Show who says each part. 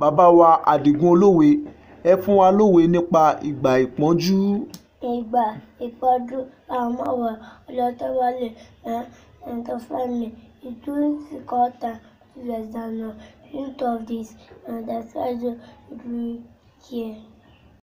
Speaker 1: Bàbá wa Àdìgún Olówe, ẹ fún wa lówe nípa ìgbà ìpọ́njú.
Speaker 2: Ìgbà ìpọ́njú àwọn ọmọ ọlọ́tọ́ wọlé and interfamily. It during the cold time to less than a hint of this
Speaker 3: and that's why we here.